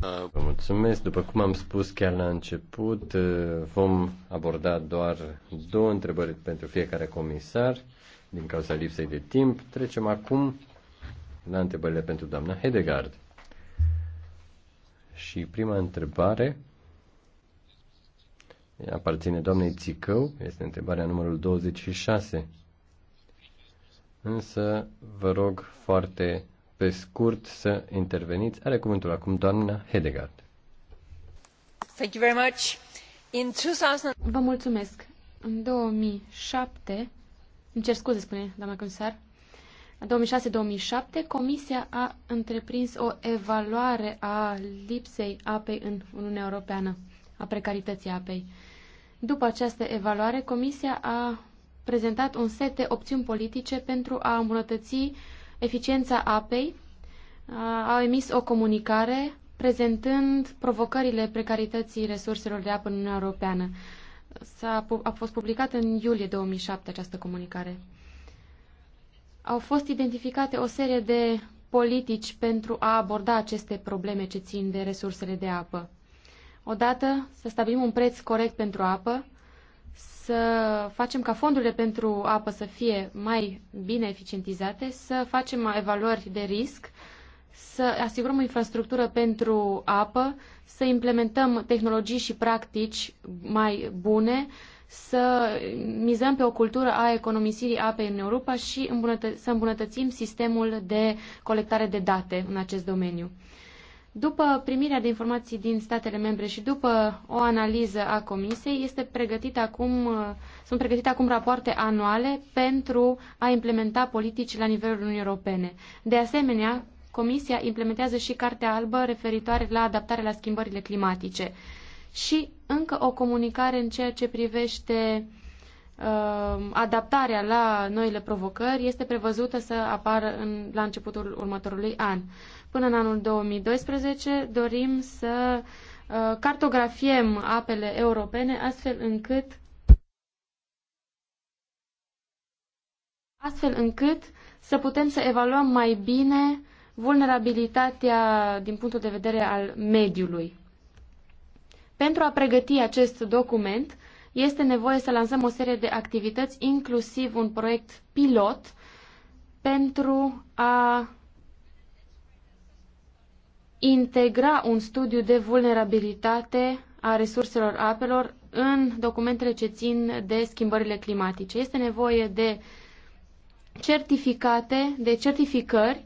S3: Vă mulțumesc. După cum am spus chiar la început, uh, vom aborda doar două întrebări pentru fiecare comisar din cauza lipsei de timp. Trecem acum la întrebările pentru doamna Hedegaard. Și prima întrebare aparține doamnei Țicău, este întrebarea numărul 26 însă vă rog foarte pe scurt să interveniți. Are cuvântul acum doamna Hedegaard.
S2: Thank you very much. In 2000...
S4: Vă mulțumesc. În 2007, îmi cer scuze, spune doamna comisar, în 2006-2007, Comisia a întreprins o evaluare a lipsei apei în Uniunea Europeană, a precarității apei. După această evaluare, Comisia a prezentat un set de opțiuni politice pentru a îmbunătăți eficiența apei. Au emis o comunicare prezentând provocările precarității resurselor de apă în Uniunea Europeană. S-a, a fost publicată în iulie 2007 această comunicare. Au fost identificate o serie de politici pentru a aborda aceste probleme ce țin de resursele de apă. Odată, să stabilim un preț corect pentru apă, să facem ca fondurile pentru apă să fie mai bine eficientizate, să facem evaluări de risc, să asigurăm o infrastructură pentru apă, să implementăm tehnologii și practici mai bune, să mizăm pe o cultură a economisirii apei în Europa și îmbunătă- să îmbunătățim sistemul de colectare de date în acest domeniu. După primirea de informații din statele membre și după o analiză a Comisiei, este pregătit acum, sunt pregătite acum rapoarte anuale pentru a implementa politici la nivelul Uniunii Europene. De asemenea, Comisia implementează și Cartea Albă referitoare la adaptare la schimbările climatice și încă o comunicare în ceea ce privește uh, adaptarea la noile provocări este prevăzută să apară în, la începutul următorului an. Până în anul 2012 dorim să uh, cartografiem apele europene astfel încât astfel încât să putem să evaluăm mai bine vulnerabilitatea din punctul de vedere al mediului. Pentru a pregăti acest document, este nevoie să lansăm o serie de activități, inclusiv un proiect pilot, pentru a integra un studiu de vulnerabilitate a resurselor apelor în documentele ce țin de schimbările climatice. Este nevoie de certificate, de certificări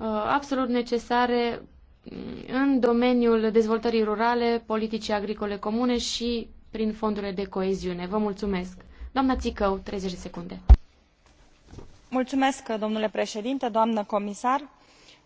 S4: uh, absolut necesare mm, în domeniul dezvoltării rurale, politicii agricole comune și prin fondurile de
S2: coeziune. Vă mulțumesc. Doamna Țicău, 30 de secunde. Mulțumesc, domnule președinte, doamnă comisar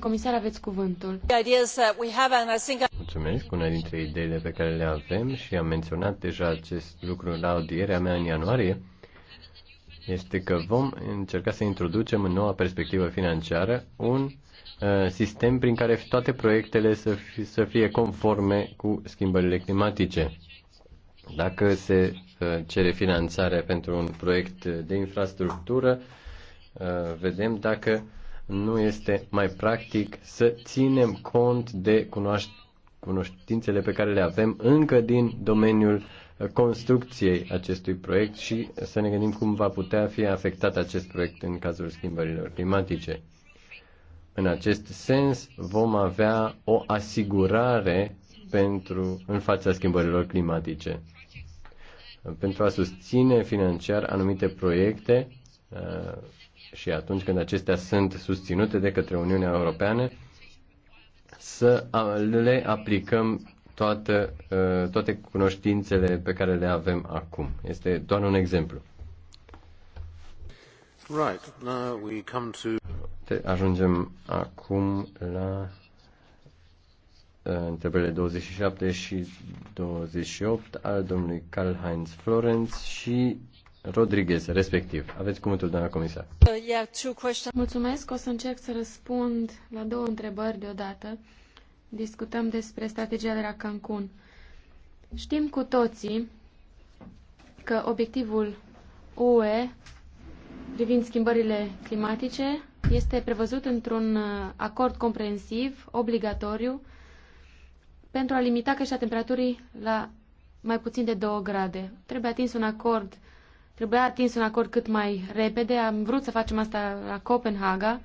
S4: comisar, aveți cuvântul.
S3: Mulțumesc. Una dintre ideile pe care le avem și am menționat deja acest lucru la audierea mea în ianuarie, este că vom încerca să introducem în noua perspectivă financiară un uh, sistem prin care toate proiectele să, fi, să fie conforme cu schimbările climatice. Dacă se uh, cere finanțare pentru un proiect de infrastructură, uh, vedem dacă nu este mai practic să ținem cont de cunoștințele pe care le avem încă din domeniul construcției acestui proiect și să ne gândim cum va putea fi afectat acest proiect în cazul schimbărilor climatice. În acest sens, vom avea o asigurare pentru, în fața schimbărilor climatice. Pentru a susține financiar anumite proiecte, Uh, și atunci când acestea sunt susținute de către Uniunea Europeană, să le aplicăm toată, uh, toate cunoștințele pe care le avem acum. Este doar un exemplu.
S1: Right. Now we come
S3: to... Ajungem acum la uh, întrebările 27 și 28 al domnului Karl-Heinz Florenz și Rodriguez, respectiv. Aveți cuvântul, doamna comisar.
S4: Mulțumesc. O să încerc să răspund la două întrebări deodată. Discutăm despre strategia de la Cancun. Știm cu toții că obiectivul UE privind schimbările climatice este prevăzut într-un uh, acord comprensiv, obligatoriu, pentru a limita creșterea temperaturii la mai puțin de 2 grade. Trebuie atins un acord Trebuia atins un acord cât mai repede. Am vrut să facem asta la Copenhaga.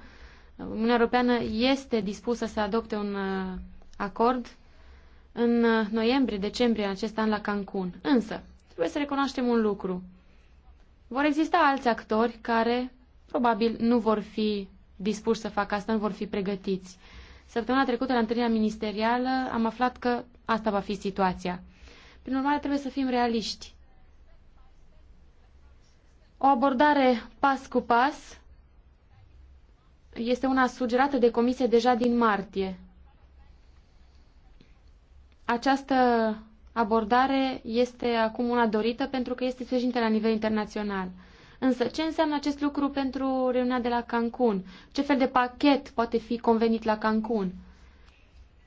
S4: Uniunea Europeană este dispusă să adopte un uh, acord în uh, noiembrie-decembrie acest an la Cancun. Însă, trebuie să recunoaștem un lucru. Vor exista alți actori care probabil nu vor fi dispuși să facă asta, nu vor fi pregătiți. Săptămâna trecută, la întâlnirea ministerială, am aflat că asta va fi situația. Prin urmare, trebuie să fim realiști. O abordare pas cu pas este una sugerată de comisie deja din martie. Această abordare este acum una dorită pentru că este sprijinită la nivel internațional. Însă, ce înseamnă acest lucru pentru reuniunea de la Cancun? Ce fel de pachet poate fi convenit la Cancun?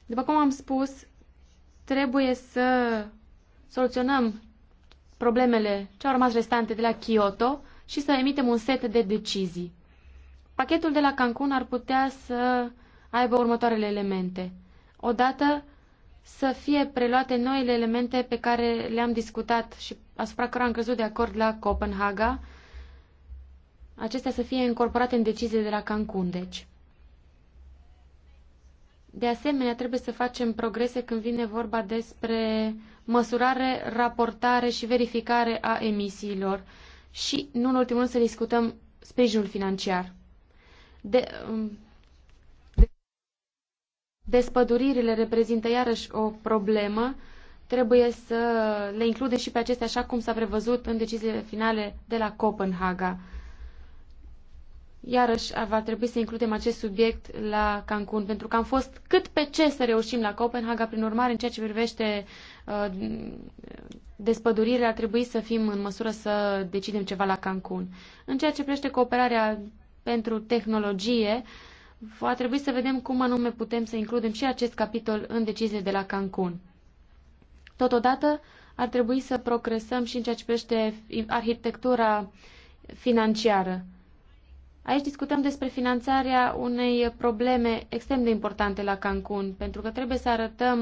S4: După cum am spus, trebuie să soluționăm problemele ce au rămas restante de la Kyoto și să emitem un set de decizii. Pachetul de la Cancun ar putea să aibă următoarele elemente. Odată, să fie preluate noile elemente pe care le-am discutat și asupra cărora am crezut de acord la Copenhaga, acestea să fie incorporate în decizie de la Cancun, deci. De asemenea, trebuie să facem progrese când vine vorba despre măsurare, raportare și verificare a emisiilor și, nu în ultimul rând, să discutăm sprijinul financiar. De, um, de, despăduririle reprezintă iarăși o problemă. Trebuie să le includem și pe acestea, așa cum s-a prevăzut în deciziile finale de la Copenhaga. Iarăși va trebui să includem acest subiect la Cancun, pentru că am fost cât pe ce să reușim la Copenhaga, prin urmare, în ceea ce privește despădurirea, ar trebui să fim în măsură să decidem ceva la Cancun. În ceea ce privește cooperarea pentru tehnologie, va trebui să vedem cum anume putem să includem și acest capitol în decizie de la Cancun. Totodată, ar trebui să progresăm și în ceea ce privește arhitectura financiară. Aici discutăm despre finanțarea unei probleme extrem de importante la Cancun, pentru că trebuie să arătăm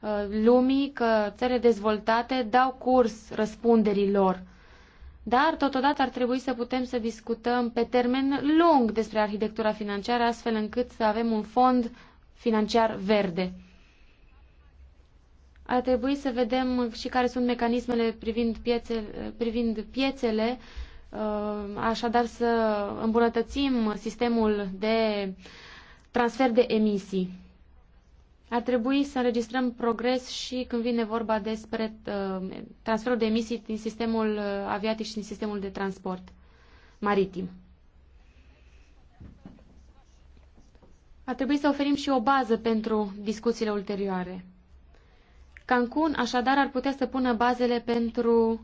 S4: uh, lumii că țările dezvoltate dau curs răspunderii lor. Dar, totodată, ar trebui să putem să discutăm pe termen lung despre arhitectura financiară, astfel încât să avem un fond financiar verde. Ar trebui să vedem și care sunt mecanismele privind, piețele, privind piețele Uh, așadar să îmbunătățim sistemul de transfer de emisii. Ar trebui să înregistrăm progres și când vine vorba despre uh, transferul de emisii din sistemul uh, aviatic și din sistemul de transport maritim. Ar trebui să oferim și o bază pentru discuțiile ulterioare. Cancun, așadar, ar putea să pună bazele pentru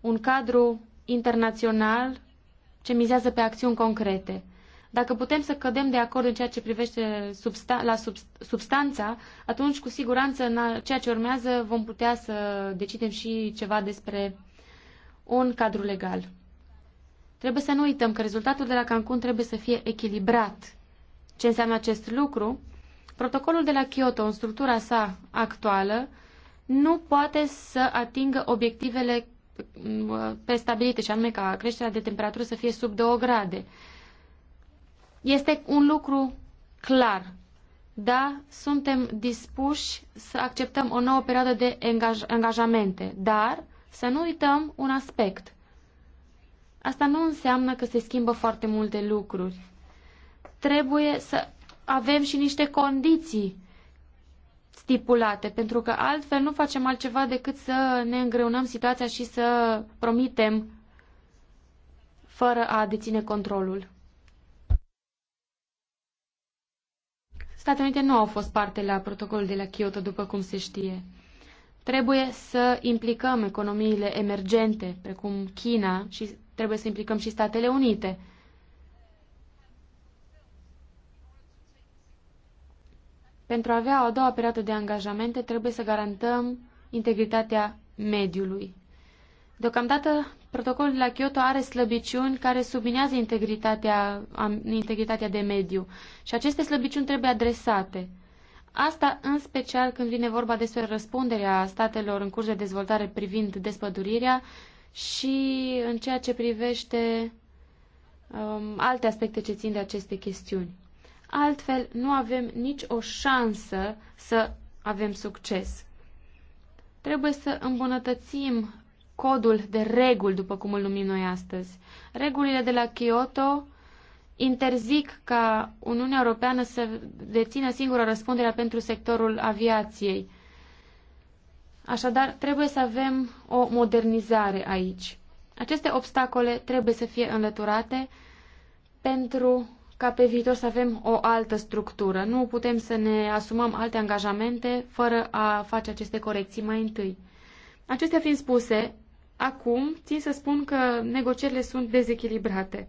S4: un cadru internațional ce mizează pe acțiuni concrete. Dacă putem să cădem de acord în ceea ce privește substan- la sub- substanța, atunci cu siguranță în ceea ce urmează vom putea să decidem și ceva despre un cadru legal. Trebuie să nu uităm că rezultatul de la Cancun trebuie să fie echilibrat. Ce înseamnă acest lucru? Protocolul de la Kyoto, în structura sa actuală, nu poate să atingă obiectivele prestabilite, și anume ca creșterea de temperatură să fie sub 2 grade. Este un lucru clar. Da, suntem dispuși să acceptăm o nouă perioadă de engaj- angajamente, dar să nu uităm un aspect. Asta nu înseamnă că se schimbă foarte multe lucruri. Trebuie să avem și niște condiții stipulate, pentru că altfel nu facem altceva decât să ne îngreunăm situația și să promitem fără a deține controlul. Statele Unite nu au fost parte la protocolul de la Kyoto, după cum se știe. Trebuie să implicăm economiile emergente, precum China, și trebuie să implicăm și Statele Unite. Pentru a avea o a doua perioadă de angajamente, trebuie să garantăm integritatea mediului. Deocamdată, protocolul de la Kyoto are slăbiciuni care subminează integritatea, integritatea de mediu și aceste slăbiciuni trebuie adresate. Asta în special când vine vorba despre răspunderea statelor în curs de dezvoltare privind despădurirea și în ceea ce privește um, alte aspecte ce țin de aceste chestiuni. Altfel, nu avem nici o șansă să avem succes. Trebuie să îmbunătățim codul de reguli, după cum îl numim noi astăzi. Regulile de la Kyoto interzic ca Uniunea Europeană să dețină singura răspunderea pentru sectorul aviației. Așadar, trebuie să avem o modernizare aici. Aceste obstacole trebuie să fie înlăturate pentru ca pe viitor să avem o altă structură. Nu putem să ne asumăm alte angajamente fără a face aceste corecții mai întâi. Acestea fiind spuse, acum țin să spun că negocierile sunt dezechilibrate.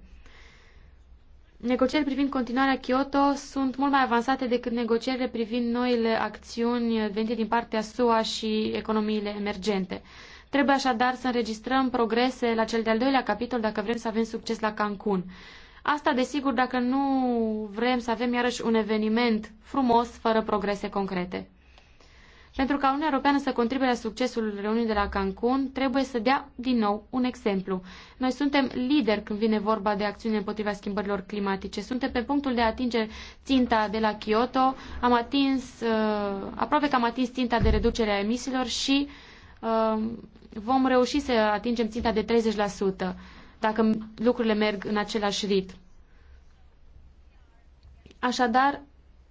S4: Negocierile privind continuarea Kyoto sunt mult mai avansate decât negocierile privind noile acțiuni venite din partea SUA și economiile emergente. Trebuie așadar să înregistrăm progrese la cel de-al doilea capitol dacă vrem să avem succes la Cancun. Asta, desigur, dacă nu vrem să avem iarăși un eveniment frumos, fără progrese concrete. Pentru ca Uniunea Europeană să contribuie la succesul reuniunii de la Cancun, trebuie să dea din nou un exemplu. Noi suntem lideri când vine vorba de acțiune împotriva schimbărilor climatice. Suntem pe punctul de a atinge ținta de la Kyoto. Am atins, uh, aproape că am atins ținta de reducere a emisiilor și uh, vom reuși să atingem ținta de 30% dacă lucrurile merg în același ritm. Așadar,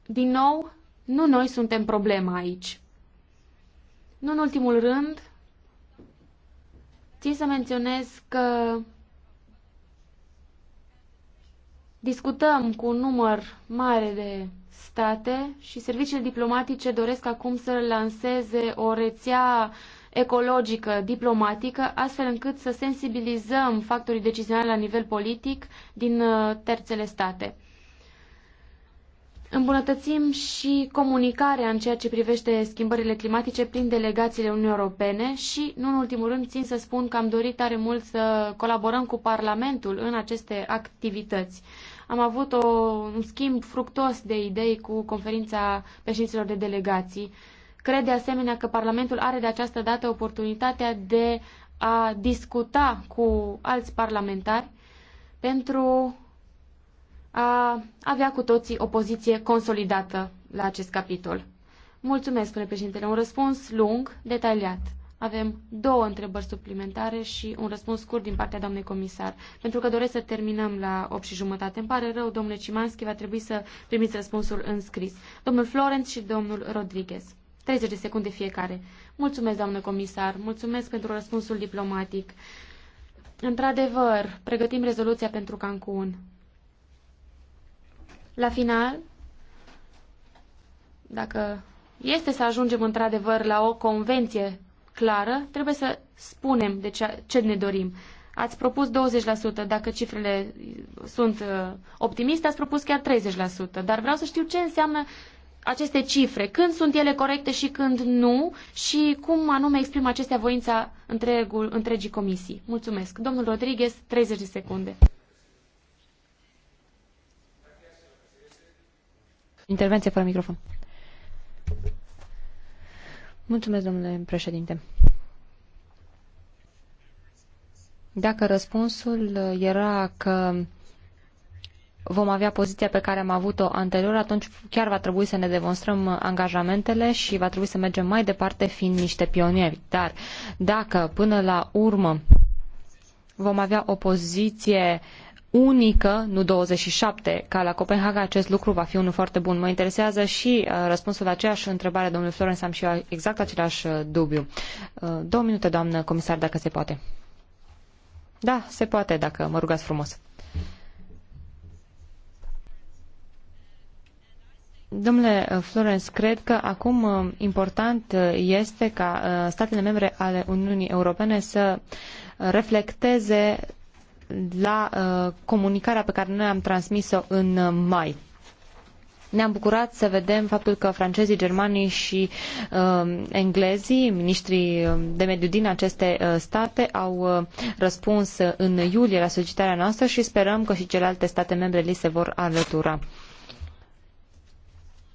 S4: din nou, nu noi suntem problema aici. Nu în ultimul rând, țin să menționez că discutăm cu un număr mare de state și serviciile diplomatice doresc acum să lanseze o rețea uh, ecologică, diplomatică, astfel încât să sensibilizăm factorii decizionali la nivel politic din uh, terțele state. Îmbunătățim și comunicarea în ceea ce privește schimbările climatice prin delegațiile Uniunii Europene și, nu în ultimul rând, țin să spun că am dorit tare mult să colaborăm cu Parlamentul în aceste activități. Am avut o, un schimb fructos de idei cu conferința președinților de delegații Cred de asemenea că Parlamentul are de această dată oportunitatea de a discuta cu alți parlamentari pentru a avea cu toții o poziție consolidată la acest capitol. Mulțumesc, spune președintele. Un răspuns lung, detaliat. Avem două întrebări suplimentare și un răspuns scurt din partea doamnei comisar. Pentru că doresc să terminăm la 8 și jumătate. Îmi pare rău, domnule Cimanski, va trebui să primiți răspunsul în scris. Domnul Florenț și domnul Rodriguez. 30 de secunde fiecare. Mulțumesc, doamnă comisar, mulțumesc pentru răspunsul diplomatic. Într-adevăr, pregătim rezoluția pentru Cancun. La final, dacă este să ajungem într-adevăr la o convenție clară, trebuie să spunem de ce, ce ne dorim. Ați propus 20%, dacă cifrele sunt uh, optimiste, ați propus chiar 30%, dar vreau să știu ce înseamnă aceste cifre, când sunt ele corecte și când nu și cum anume exprimă acestea voința întregul, întregii comisii. Mulțumesc. Domnul Rodriguez, 30 de secunde.
S1: Intervenție fără microfon. Mulțumesc, domnule președinte. Dacă răspunsul era că vom avea poziția pe care am avut-o anterior, atunci chiar va trebui să ne demonstrăm angajamentele și va trebui să mergem mai departe fiind niște pionieri. Dar dacă până la urmă vom avea o poziție unică, nu 27, ca la Copenhaga acest lucru va fi unul foarte bun. Mă interesează și uh, răspunsul la aceeași întrebare, domnul Florence, am și eu exact același uh, dubiu. Uh, două minute, doamnă comisar, dacă se poate. Da, se poate, dacă mă rugați frumos. Domnule uh, Florence, cred că acum uh, important uh, este ca statele membre ale Uniunii Europene să reflecteze la comunicarea pe care noi am transmis-o în mai. Ne-am bucurat să vedem faptul că francezii, germanii și uh, englezii, ministrii de mediu din aceste uh, state, au uh, răspuns în iulie la solicitarea noastră și sperăm că și celelalte state membre li se vor alătura.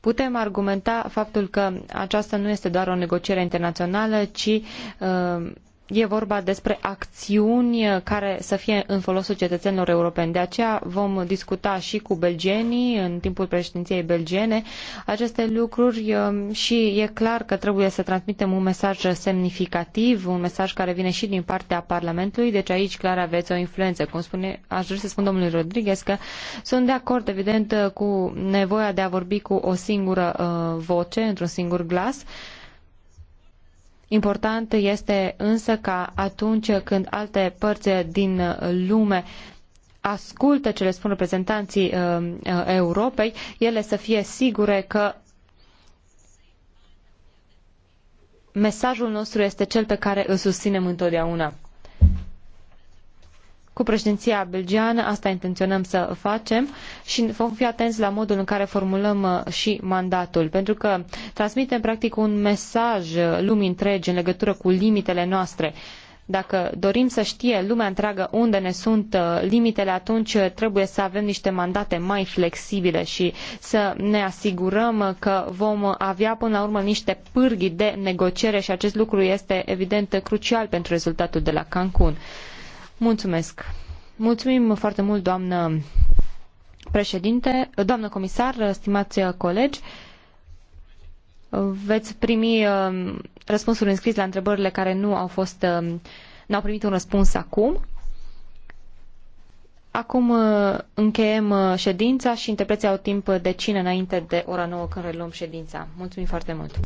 S1: Putem argumenta faptul că aceasta nu este doar o negociere internațională, ci uh, E vorba despre acțiuni care să fie în folosul cetățenilor europeni. De aceea vom discuta și cu belgenii în timpul președinției belgiene aceste lucruri um, și e clar că trebuie să transmitem un mesaj semnificativ, un mesaj care vine și din partea Parlamentului, deci aici clar aveți o influență. Cum spune, aș vrea să spun domnului Rodriguez că sunt de acord, evident, cu nevoia de a vorbi cu o singură uh, voce, într-un singur glas, uh, Important este însă ca atunci când alte părți din lume ascultă ce le spun reprezentanții uh, uh Europei, ele să fie sigure că mesajul nostru este cel pe care îl susținem întotdeauna. Cu președinția belgiană asta intenționăm să facem și vom fi atenți la modul în care formulăm uh, și mandatul, pentru că transmitem practic un mesaj uh, lumii întregi în legătură cu limitele noastre. Dacă dorim să știe lumea întreagă unde ne sunt uh, limitele, atunci trebuie să avem niște mandate mai flexibile și să ne asigurăm că vom avea până la urmă niște pârghii de negociere și acest lucru este evident crucial pentru rezultatul de la Cancun. Mulțumesc. Mulțumim foarte mult, doamnă președinte, doamnă comisar, stimați colegi. Veți primi uh, răspunsuri înscris la întrebările care nu au fost, uh, nu au primit un răspuns acum. Acum uh, încheiem ședința și interpreții au timp de cine înainte de ora 9 când reluăm ședința. Mulțumim foarte mult!